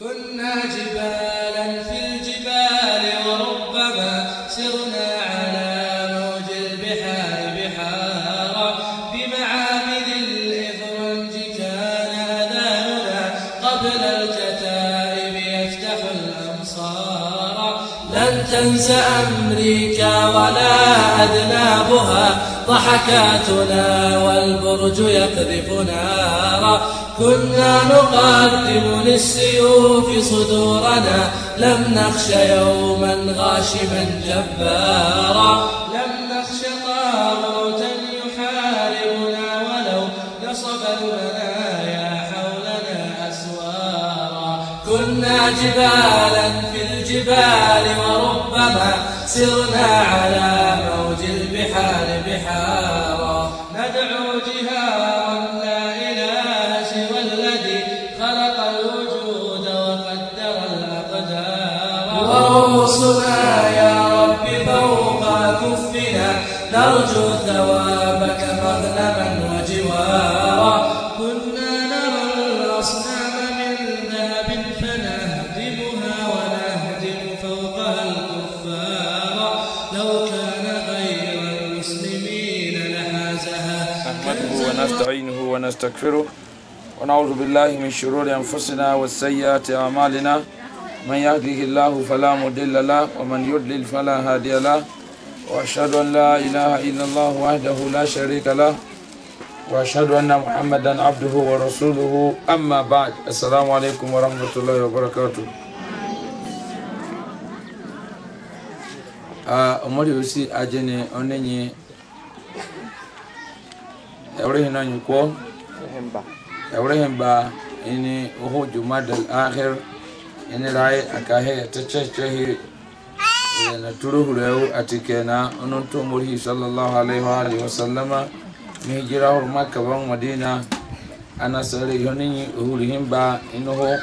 كنا جبالا في الجبال وربما سرنا على موج البحار بحارا الإفرنج كان أذاننا قبل الكتائب يفتح الأمصار لن تنسى أمريكا ولا أذنابها ضحكاتنا والبرج يقذفنا الثرى كنا نقدم للسيوف صدورنا لم نخش يوما غاشما جبارا لم نخش طاغوتا يحاربنا ولو نصب المنايا حولنا أسوارا كنا جبالا في الجبال وربما سرنا على موج البحار بحار نستغفره ونعوذ بالله من شرور أنفسنا وسيئات أعمالنا من يهده الله فلا مضل له ومن يضلل فلا هادي له وأشهد أن لا إله إلا الله وحده لا شريك له وأشهد أن محمدا عبده ورسوله أما بعد السلام عليكم ورحمة الله وبركاته ọmọdé yóò sì ajẹni ọ̀nẹ́yìn ẹ̀rọ ìhìnà yìí hemba ɛwerɛ hemba ɛne ɔhɔ jumada aher ɛne lae akahe tɛkyɛkyɛhe na turo hurɛwo atikɛna ɔno nto mɔrihi sallallahu alaihi wa alihi wasallama ne hijira hɔ maka ban madina ana sare yɔne nyi ɔhuri hemba ɛne hɔ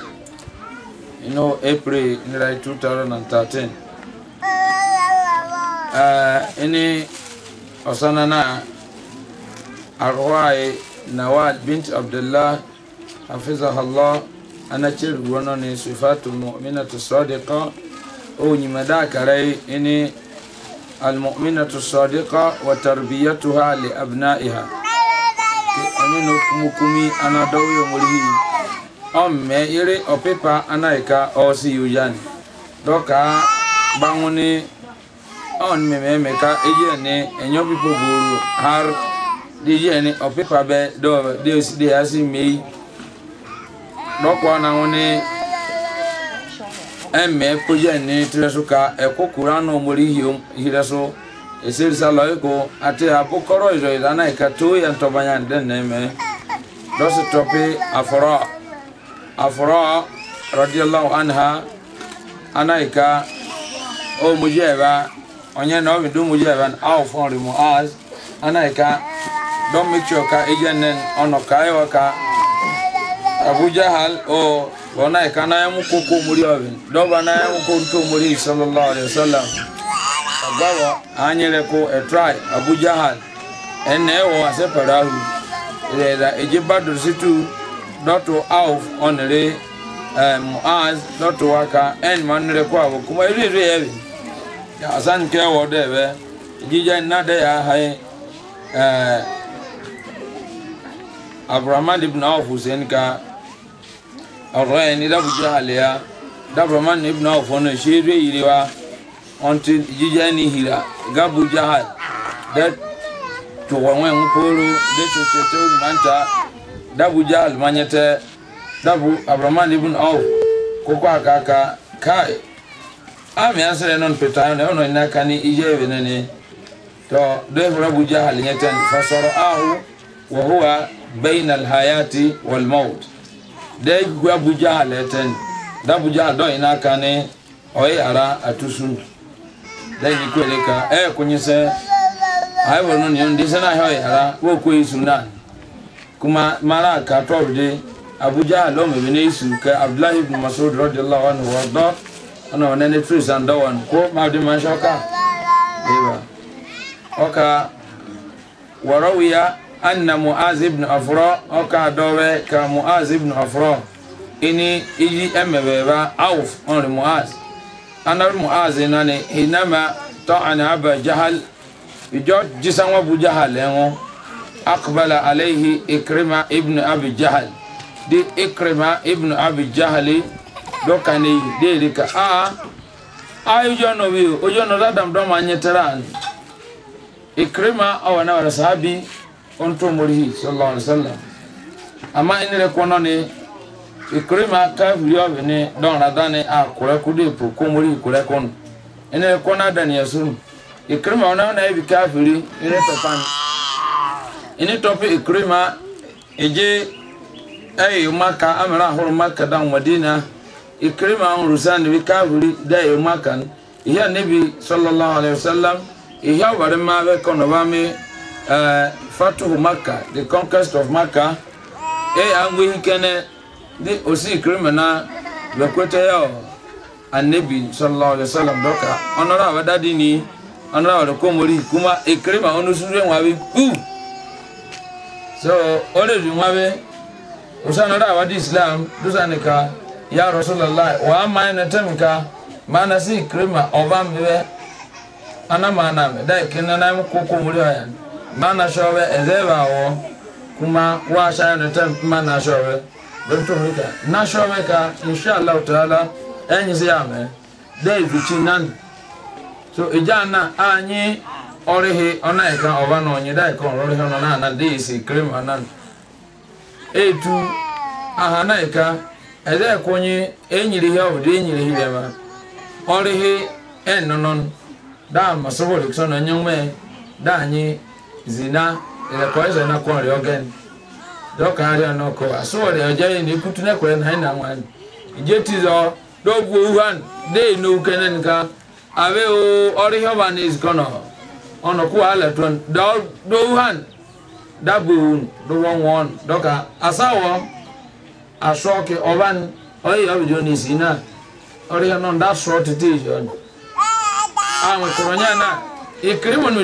ɛne hɔ april ne lae 2013 ɛne ɔsanana arwaye nawad bint abdullah hafizahallah anachir gwono ni sifatu mu'minatu sadiqa o nyimada karai ini almu'minatu sadiqa wa tarbiyatuha li abnaiha anyino kumukumi anadawyo mulihi omme ire opepa anaika osi yujani doka banguni on mememeka ejene enyobipo buru har deji ɛni ɔpepa bɛ dɔ osi asi mee dɔkɔ na ni ɛmɛ ni tirɛ ka ɛkoko ranu so ati ka ya e ntɔbanya dɛ nɛmɛ dɔsi tɔpi afọrọ afɔrɔ rɔdiyalawo anha anayi e ka omodzi na ɔmi do omodzi ɛba awɔ as don make sure ka ejanen ono ka ewa ka abuja hal o wana e kana ya e muko ko muri obin do bana ya e muko to muri sallallahu alaihi wasallam agbawa anyere ko e try abuja hal ene e wo ase parahu ile da eje badur situ doto auf onere eh, muaz doto waka en manere ko abo kuma ile re yebi ya asan ke wo debe jija na de ya hai eh abraman ibn awf hussein ka ọ̀rọ̀ yẹn ní dábùjá àlẹ́yà dábraman ibn awf ọ̀nà ṣe é rẹ̀ yìí wa ọ̀ntì jíjá ní hìrà gábùjá dẹ́ tùwọ̀wọ̀n ń pòrò dẹ́ ṣoṣo tó máa ń ta dábùjá àlùmányẹ́tẹ́ dabu abraman ibn awf kókó àkàkà káì àmì àṣẹrẹ náà pẹ̀tà ẹ̀ ọ̀nà ìnáka ní iye ìwé nínú tọ́ dẹ́fọ̀rọ̀ bùjá àlùmányẹ́tẹ́ fasọ̀rọ̀ áhù wọ̀húwa bẹ́yìn alhayati walmaut dẹ́ gbé abuja alẹ́tẹ́ni dabuja adọ́yìn n'aka ni ọ̀yẹ́ ara atusu dẹ́ yìí kú ẹ̀lẹ́ka ẹ̀ kúnyẹsẹ́ ayébọ̀rọ̀ nínú yẹn ndísẹ́ náà ọ̀yẹ́ ara wọ́n kú èyí sùn náà kuma mara katọ́ọ̀rù dé abuja alọ́mọ̀mí ní èsù kẹ abdullahi ibn masoud rọ́díọ́lá wọn wọ́n dọ́ ọ̀nà wọn ẹni tírì sàn dọ́wọ́n kó máa di ọ̀ka wọ̀rọ̀ anna muaz ibn afro ọka dọwẹ ka muaz ibn afro ini iji emebeba auf onri muaz anar muaz nani hinama ta'ana aba jahal ijo jisan wa bu jahal enwo aqbala alayhi ikrima ibn abi jahal di ikrima ibn abi jahali dokani de dika a ayo jono bi ojo no dadam do ma nyetran ikrima awana wala sahabi onto mori sallallahu alaihi wasallam ama inire kono ni ikrima kafir yobe ni don radane a ah, kure kudi pro ko mori kure kon inire kono dan yasun ikrima ona na bi kafiri ire topan ini topi ikrima eje ay maka amara hor maka dan madina ikrima on rusan bi kafiri da ay maka iya nabi sallallahu alaihi wasallam iya warma be kono ba me Eh, Fatuhu Maka, the conquest of Maka, e angwe hikene di osi krimina lokwete yao annabi anabi alaihi wasallam doka onora wadadi ni onora wadoko mori kuma ikrima e onusure nwabe bu so oledu nwabe usanora wadi islam dusanika ya rasulullah wa ma na tamika mana si ikrima oba mbe ana mana me dai na mu koko mori mana shobe ezeba wo kuma wa sha da tan mana shobe don to rika na shobe ka insha Allah taala enyi si ame dai bichi nan so ijana anyi orihi ona ika e oba na onye dai e kon orihi ona na na dai si cream anan etu aha na ika e ede konye enyiri hi obu dai enyiri hi bema orihi ennonon da masobo lekson onye nwe da anyi zina ɛkɔyɛsɛ na kɔɔre ɔgɛn dɔka ari ɔnɔ kɔ asɔɔre ɔgya yi na ekutu na kɔrɛ na ɛna wani gye ti zɔ dɔbu wuhan dee na kɛnɛ nika abe o ɔri hɔba na kɔnɔ ɔnɔ alɛ tɔn dɔ do wuhan dabo owu do wɔn wɔn dɔka asawɔ asɔɔke ɔban ɔyɛ ɔbidio na esi na ɔri hɔn da sɔɔ tete yi yɔn a kɔrɔ nyɛ na ekiri mu no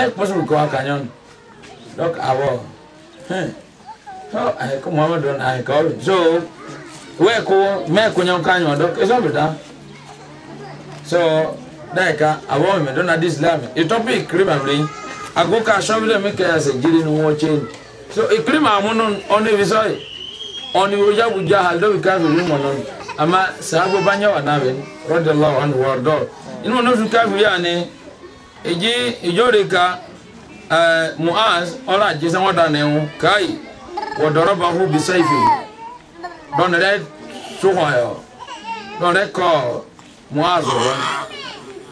ẹ kpọsọ kọ akanyọn dọk awọ hẹn ọ ahẹkọ muhammadu na ahẹkọ ọrọ so wẹẹkọ mẹẹkọ nyọ nkanyọ dọk ẹsọ bìtá so dẹẹka awọ mi dọna di islam ìtọpẹ ìkírìmà mi agogo asọmọdé mi kẹyà sẹ jírí ni wọn chain so ìkírìmà amúnú ọ̀nà ibi sọ́yì ọ̀nà ìwé ojábujà àdóbi káfíìn mímọ̀ náà àmà sàágbó bá nyẹ wà náà bẹ rọdìlá wà ní wọ́ọ̀dọ́ inú wọn náà tún káfíìn yà ni eji ijorika uh, muaz ọla jisa wada na enwu kai wadoroba hu bisaifi donere suhoyo donere ko muaz ro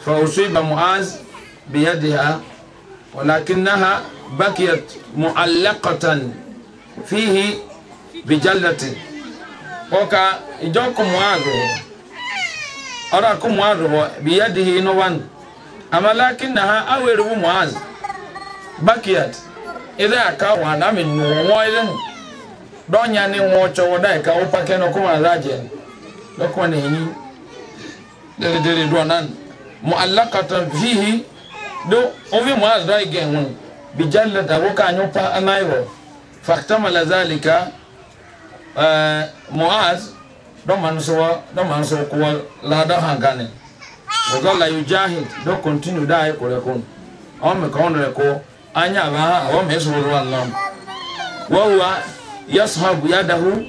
fa usiba muaz biyadiha ولكنها بقيت معلقة فيه بجلة وكا إجوكم معاذ أراكم معاذ بيده نوان amma lakin na ha awere mu muaz bakiyat ida aka wa na mi nu wo ile nu donya ni wo cho wo dai ka wo pake no kuma raje lo kuma ne yi dere dere do nan muallaqatan fihi do ovi muaz dai gen hun bi jalla da wo ka pa anairo fakta zalika eh, muaz do man so do kuwa so ko la da hangane wazala yujahid do continue da ko anya ba yadahu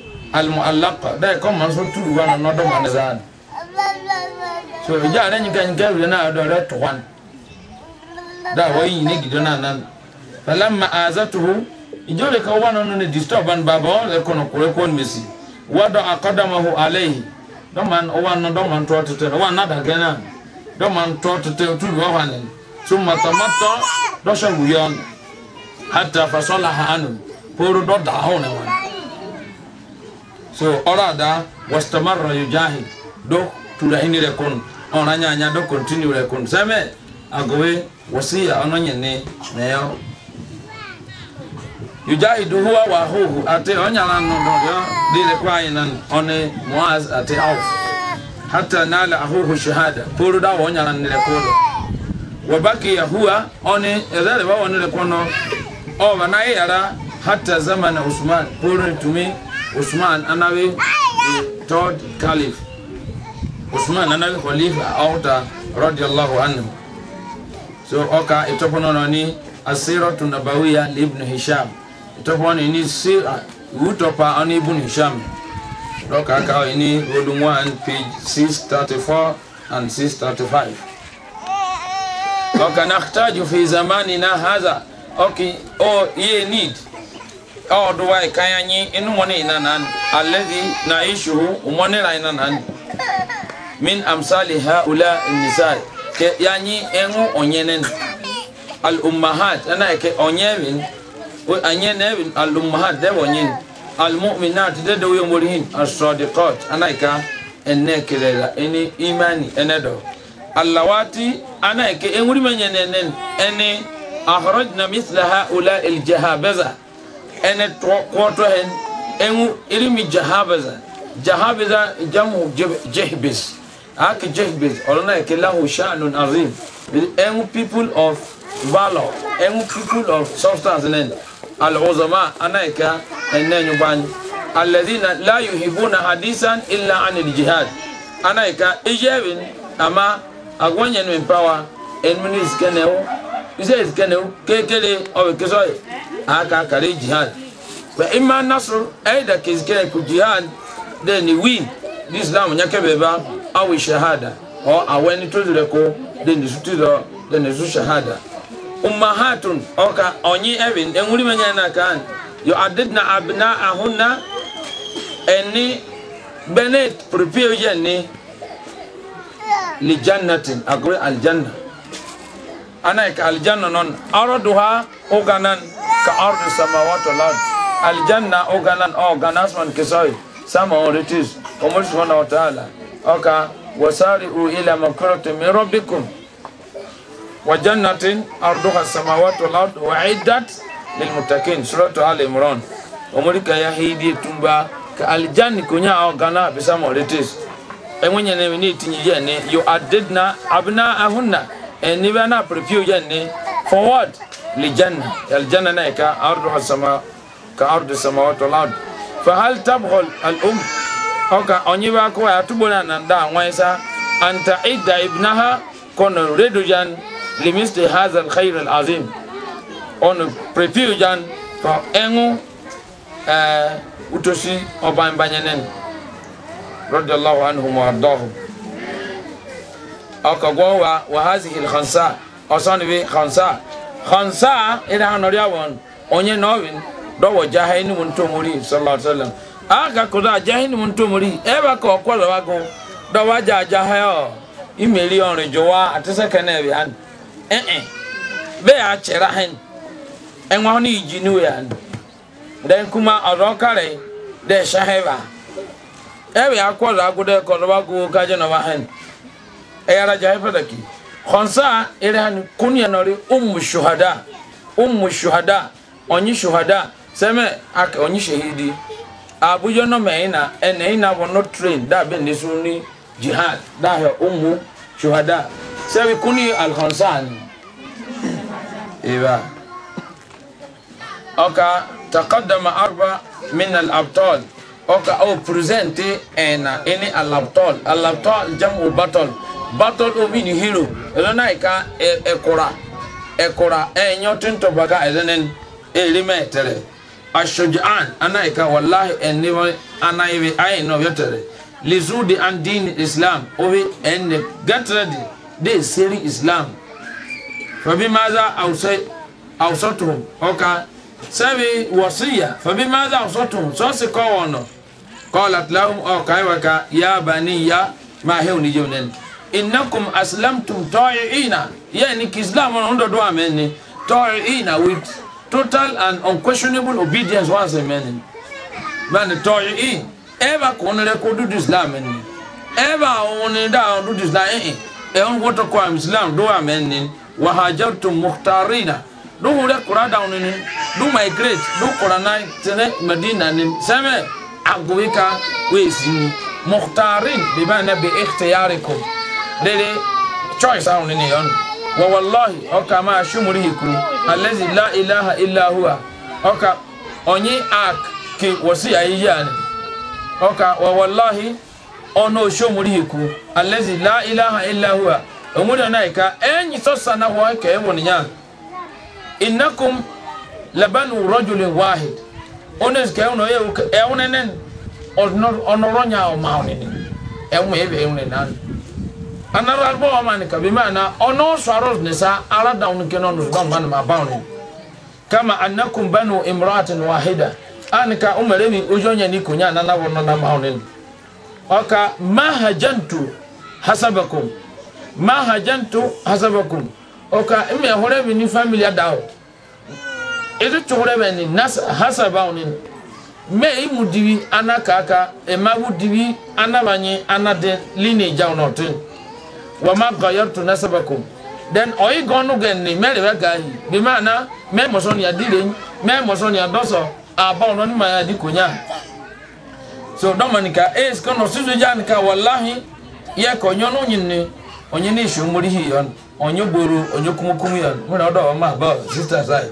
da ko man so tu wa zan so ka na do do to wan da wa yi ne gido na nan falamma azatuhu ijole ka wa no ne disturb an baba le ko no ko le ko mesi wada aqadamahu dọ do na dɔmantɔ tete otu bi wɔhɔ ne so matamatɔ dɔhyɛ wuyɔ no hata fasɔ la ha anum poro dɔ da hɔ ne wɔn so ɔrɔ ada wɔsitama rɔyɔ gyahi dɔ tura hini rɛ kono ɔna nyanya dɔ kɔntini rɛ kono sɛmɛ agowe wɔsi ya ɔno nye ne na yɛ yujahi wa huhu ate ɔnyala no dɔ yɔ de rɛ kɔ ayi na ɔne moaz ate awf. hata nala ahuhu shahada pulu da wonya nyala nile kulu wabaki baki ya huwa oni ezale ba wonile kono o bana yara e hatta zamana usman puru tumi usman anawe tod caliph usman anawe khalifa auta radiyallahu anhu so oka itopono noni asiratu nabawiya li ibn hisham itopono ni sira utopa ani ibn hisham lọ́kà káwé ní volume one page six thirty four and six thirty five. lọ́kà nàkítàjù fi zamani na haza ọkì ọ yé need ọ̀dùwà ìkànnì inú wọn ní ìnànà alẹ́dí na ìṣòro wọn ní ìlànà ìnànà min amsali ha ula nisai ke yanyi engu onyenen al ummahat ana ke onyevin o anyenen al ummahat de wonyin almu'minat dede wo yomori hin asodiqat anaika ene kelela ene imani ene do allawati anaike enwuri menye nenen ene akhrajna mithla haula aljahabaza ene kwoto hen enwu irimi jahabaza jahabaza jamu jehbiz ak jehbiz olona ke lahu sha'nun azim enwu people of valor enwu people of substance nenen al'uzama anaika enenyu banyu alladhina la yuhibuna hadisan illa anil jihad anaika ijebin ama agwanyen min power enmini iskenewo ise iskenewo kekele obe kisoye aka kare jihad wa imma nasr aida kizkene ku jihad then we this islam nyake beba awi shahada o aweni tuzure ko then su tuzo then su shahada ummahatun oka onyi evin enguri menya na kan yo adidna abna ahunna eni benet prepare ye ni li jannatin agri al janna ana ka al janna non araduha uganan ka ardu samawati wal ard al janna uganan o oh, ganasman kisoi sama oritis umul subhanahu wa ta'ala oka wasari'u ila maghfiratin min rabbikum وجنة أرضها السماوات والأرض وعدت للمتقين سورة آل عمران أمريكا يا هيدي تومبا كالجان كونيا أو غانا بسام أوليتيس أمونيا نمني تنيجي أني يؤددنا أبناءهن أني بنا بريبيو يني forward لجنة الجنة نيكا أرضها السماء كأرض السماوات والأرض فهل تبغل الأم أو كأني باكو أتبونا نندا ويسا أنت إدى ابنها كون ريدو جان limisli hazal khair al azim on prefugian from engu eh utoshi oban banyanen radiyallahu anhum wa ardahu aka gowa wa hazihi al khansa osani bi khansa khansa ina hanoria won onye novin dowo jahaini muntumuri sallallahu alaihi wasallam aka kuda jahaini muntumuri eba ko kwalo wago dowa jaja hayo imeli onrejowa atese kenebi ani ɛn bɛɛ y'a kyerɛ hɛn ɛnwa iji yi gyinu yan dɛn kuma ɔdɔn kare dɛ hyɛ hɛn ba ɛbɛ e akɔdɔ agodɛ kɔdɔba go kagye na ba hɛn ɛyara e gya ɛfɛ dɛ ki kɔnsa ɛrɛ hɛn kunu yɛn nɔri umu shuhada ụmụ shuhada onye shuhada seme aka onye shahidi abuja nọ mɛ ina ɛnɛ ina wɔ no train da bɛ ne so ni jihad da ụmụ shuhada. sɛbi kuni alhansan iba ɔka taqaddama arba min alabtol ɔka o presente ɛna ini alabtol alabtol jamu batol batol o mini hero ɛlɛna ika ɛkura e, ɛkura ɛnyɔ e tintobaga ɛlɛnɛn ɛlɛmɛ e tɛrɛ ashujan ana ika wallahi ɛnibɛ ana ibi ayi nɔ yɛtɛrɛ lizudi an diin islam o bi ɛnɛ gɛtɛrɛ di de seri islam fabi maza awusotuhum ɔka sɛbi wɔsiya fabi maza awusotuhum sɔsi kɔwɔ nɔ kɔɔla tilahum ɔka ayiwa ka ya bani ya maa hew ni jɛw nɛni innakum aslamtum tɔɔciina yɛni kislam ɔn dɔ do amɛni tɔɔciina with total and unquestionable obedience once amɛni bani tɔɔciin ɛɛ ba kɔn ne dɛ ko dudu islam ni ɛɛ ba wɔn ne da dudu islam ɛɛ. Eh, eh ɛn woto kwa islam do amen ni wahajartu muhtarina do hure kura down ni do migrate do kura na tene medina ni sɛmɛ agobika weesi ni muhtarin bi ma na bi ikhtiyarikum dede choice awon ni yon wa wallahi oka ma shumuri hikru allazi la ilaha illa huwa oka onyi ak ki wasi ayiya ni oka wa wallahi ono shomuri yiku allazi la ilaha illa huwa umuri na ika enyi sosa na wa ke woni nya innakum labanu rajulin wahid ones ke ono ye e onenen onor onoronya o mauni e mu ebe e onena anara albo o man ka bi mana ono swaros ne sa ara down ke no no ban man ma bauni kama annakum banu imra'atin wahida an ka umare mi ojonya ni kunya na na wono na mauni oka mahajantu hasabakum mahajantu hasabakum oka ime hore bi ni family dawo ezu chore be ni nas hasaba ni me imu diwi anaka aka e ma wu diwi anamanyi anade line jaw no tin wa nasabakum then oyi gonu gen ni mere we gai bi mana me mo so ni adire me mo so ni adoso aba ono ni ma konya so dɔmanika eh, es kɔnɔ susujanika walahi yɛ kɔ nyɔnu nyini onye ni ishomori hi yɔn onye gboro onye kumukumu yɔn muna ɔdɔ wɔn ma bɔ sisters ayi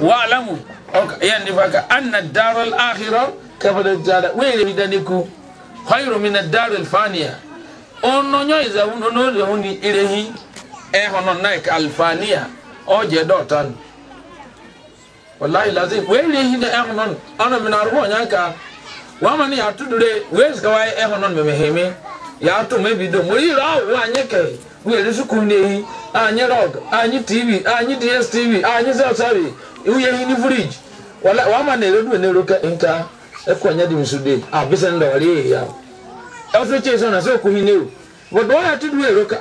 waalamu ɔka yɛ nifa ka anna darul ahirɔ kabada dara weyere bi dani ku hɔyiro mi na darul faniya ɔnɔ nyɔ izawu n'onu izawu ni irehi ɛhɔnɔ eh, naik alfaniya ɔjɛ dɔɔtan walahi lazim weyere hi na ɛhɔnɔ ɔnɔ mi na arubɔ wamani ya wezi kawa eho non memeheme yatu mebido muri rawo wanyeke wele sukundehi anyi rog anyi tv anyi dstv anyi zelsabi uye hini fridge wala wamani rodu ne roka inka ekwanya di musude abisa ndo nka ya ofe cheso na so ya tudure roka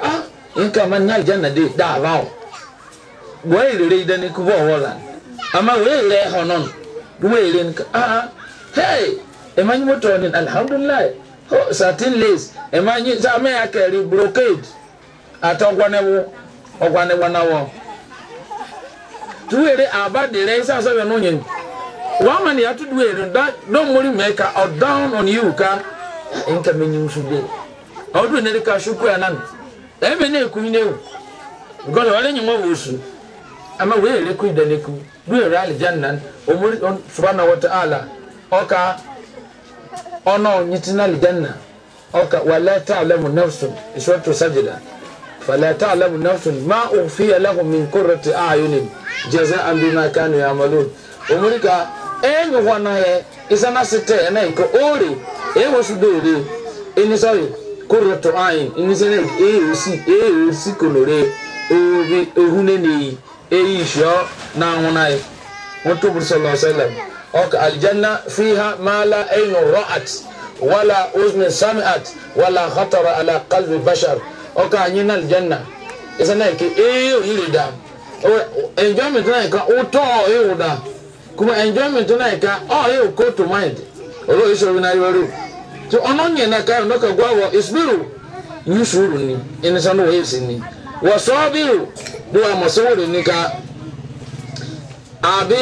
na ama emanyi motoni alhamdulilayi ho oh, satin lace emanyi same akeri brocade ata ọgwanewo ọgwanewo nawo tuwere aba dere isa asọbe n'onye wọn ma na ya tudu eri don mori mee ka ọ down on you ka nka menyi nsu de ọdụ nere ka shukwu ya nan ebe na-ekwu ihe ewu gọdọ ọrịa enyi nwa wosu ama wee elekwu idaneku duere alijanna omori subhanahu wa ta'ala ọka ɔno nyitina aljanna ɔka wala ta'lamu nafsun iswatu sajda fala ta'lamu nafsun ma ufiya lahum min qurrati a'yunin jaza'an bima kanu ya'malun omurika enyi hɔ no yɛ isa na se tɛ ɛna ikɔ ore ewo so do ore eni sɔre qurratu a'yun eni sɛ ne eyo si eyo si konore obi ehunene yi eyi ihyɛ n'ahona yi wɔn to buru sɔlɔ ọkà aljanna fiha mala ẹnu rọ́at wala uzun samiat wala khatara ala qalbi bashar ọkà anyi na aljanna ẹsẹ náà ike ee oyi le da enjoyment náà ika ó tọ́ ọ ẹ wò da kuma enjoyment náà ika ọ ẹ wò kó to mind olú ìṣòro náà yọrọ tí ọ̀nà yẹn náà káyọ̀ náà kàgbọ́ àwọ̀ ìṣubúrò yìí sùúrù ni ẹni sanu wòye ni wọ́n sọ́ọ́ bí wọ́n àmọ̀ sọ́wọ́rọ̀ ní ká àbí.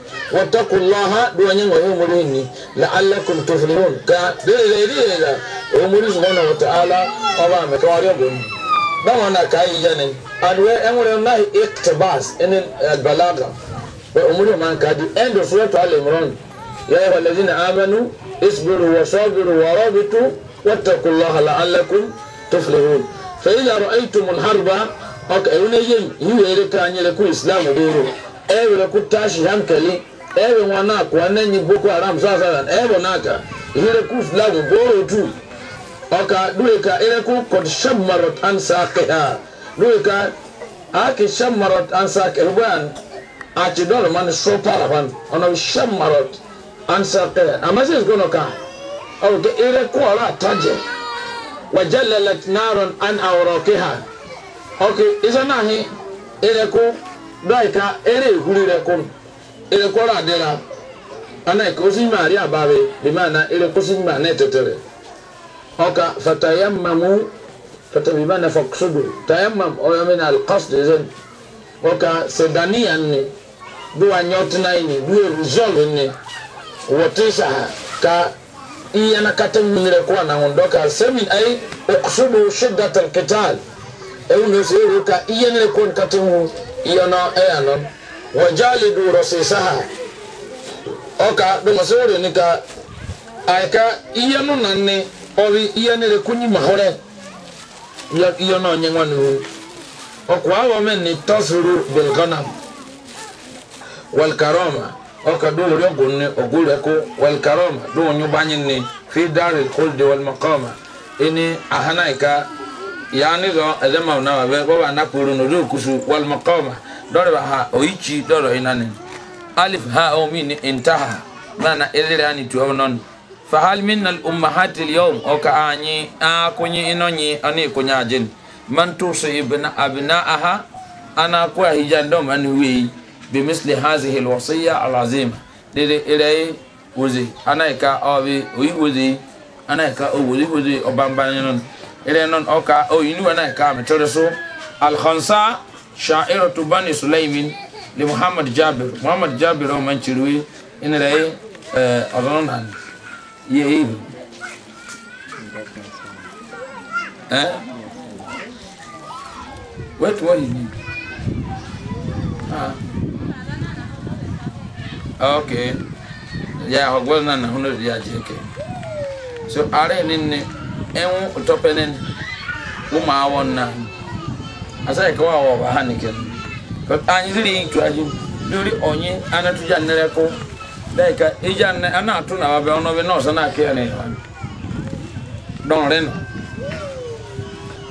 واتقوا الله بوانين ويومريني لعلكم تفلحون كا دليل دليل ومري سبحانه وتعالى أبا مكواريبون بمعنى كاي جنن أدواء أمر الله اقتباس إن البلاغة وأمر من كادي end of sura al imran يا أيها الذين آمنوا اصبروا وصابروا ورابطوا واتقوا الله لعلكم تفلحون فإذا رأيتم الحرب أكأيون يجي يوهي لك أن يكون إسلام ديرو أي لك تاشي هنكلي ewe mwanako anenyi boko haram sasa evo naka ile ku flagu boro tu oka duika ile ku kod shammarat an saqiha duika aki shammarat an saqirban aci dolo man so paraban ono shammarat an saqiha amasi gono ka o ke oh, ile ku uh, ala taje wajallalat narun an awraqiha okay isanahi ile ku duika ile hurire kun ele kɔla adela ana kosi ma ari ababe bimana ele kosi ma Fata tetere ɔka fatayamamu fata bimana faksudu tayamam ɔyɔ mina alikasdi zan ọka sedaniya ni bụ anyɔtina yi ni do erizɔli ni wɔte saa ka iyana kata minire kuwa na ŋun dɔka sɛmin ayi ɔkusudu shidatal kital ewu ka se ewu ka nkata kuwa kata na iyana ɛyana. wajali du rasisaha oka dumasore nika aika iye no nanne obi iye ne kunyi mahore ya iye no nyengwa nu okwa awo men ni tasuru bil walikaroma, wal karama oka do ri ogunne ogure ko wal do nyu banyin ni fi daril khuld wal maqama ini ahanaika yani zo edema na babe baba nakuru kusu wal dɔre ba ha oichi dɔre ina ne alif ha o mi ni intaha nana elere ani tu o non fa hal min al ummahat al yawm o ka anyi a kunyi inonyi ani kunya ajin man tu su ibna abnaaha ana ko hijan dom an wi bi misli hazihi al wasiya al azima dede elei wozi ana ka obi oyi wozi ana ka wozi wozi obamba non ele non o ka o ana ka metore so al sha'iratu bani sulaimin li muhammad jabir muhammad jabir o man cirwe in rai ọ̀rọ̀ náà ni yẹ wait what you need ah okay ya ọgbọ́n náà nà hún lórí ajé so ààrẹ ni ni en ọ̀tọ́pẹ́ ni wọ́n máa asa ka wa ba han ke an ziri to aju lori onye anatu jan ne ko dai ka ijan ana to na ba ono be no sana ke ne don ren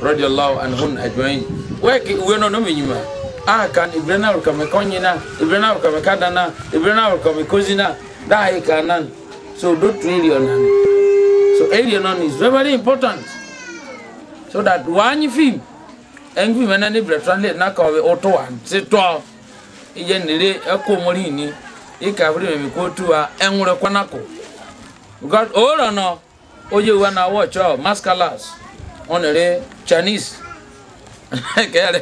radiyallahu anhum ajmain wa ki we no no minyima a kan ibrana ka me konyina ibrana ka me kadana ibrana ka me kozina dai ka nan so do trillion nan so area nan is very important so that one film ɛnkwi mɛ nani brɛ translate na ka ɔtɔ wa ti tɔ iye nire ɛkɔ ni ika abiri mɛmi ko wa ɛnwere kwanako because ɔwɔrɔ oye wa na awɔ tsɔ mascalas ɔnere kɔ nya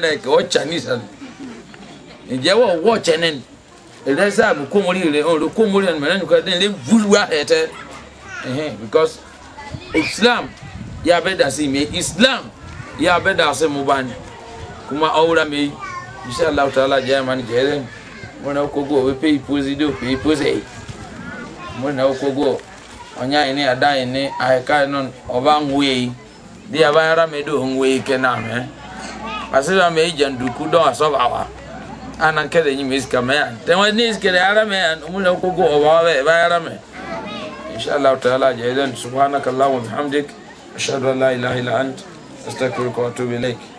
dɛ kɛ ɔ ali ìjẹ́ wọ̀ wọ̀ tsɛnɛ ɛdɛ sɛ àmì ko mori rɛ ɔrɔ ko mori rɛ mɛ nani kɔ ɛdɛ ne wa hɛ tɛ because islam. ya abeda ase mubani kuma aura me insha Allah taala jama ni jere mwana okogo we pe ipozi do pe ipozi mwana okogo onya ene ada ene aheka non oba nwe di abayara me do nwe ke na me asira me janduku do asoba wa ana kede nyi miska me tenwa ni iskere ara me mwana okogo oba we bayara me insha Allah taala jere subhanakallahumma bihamdik ashhadu an la ilaha illa anta Just like we to be like.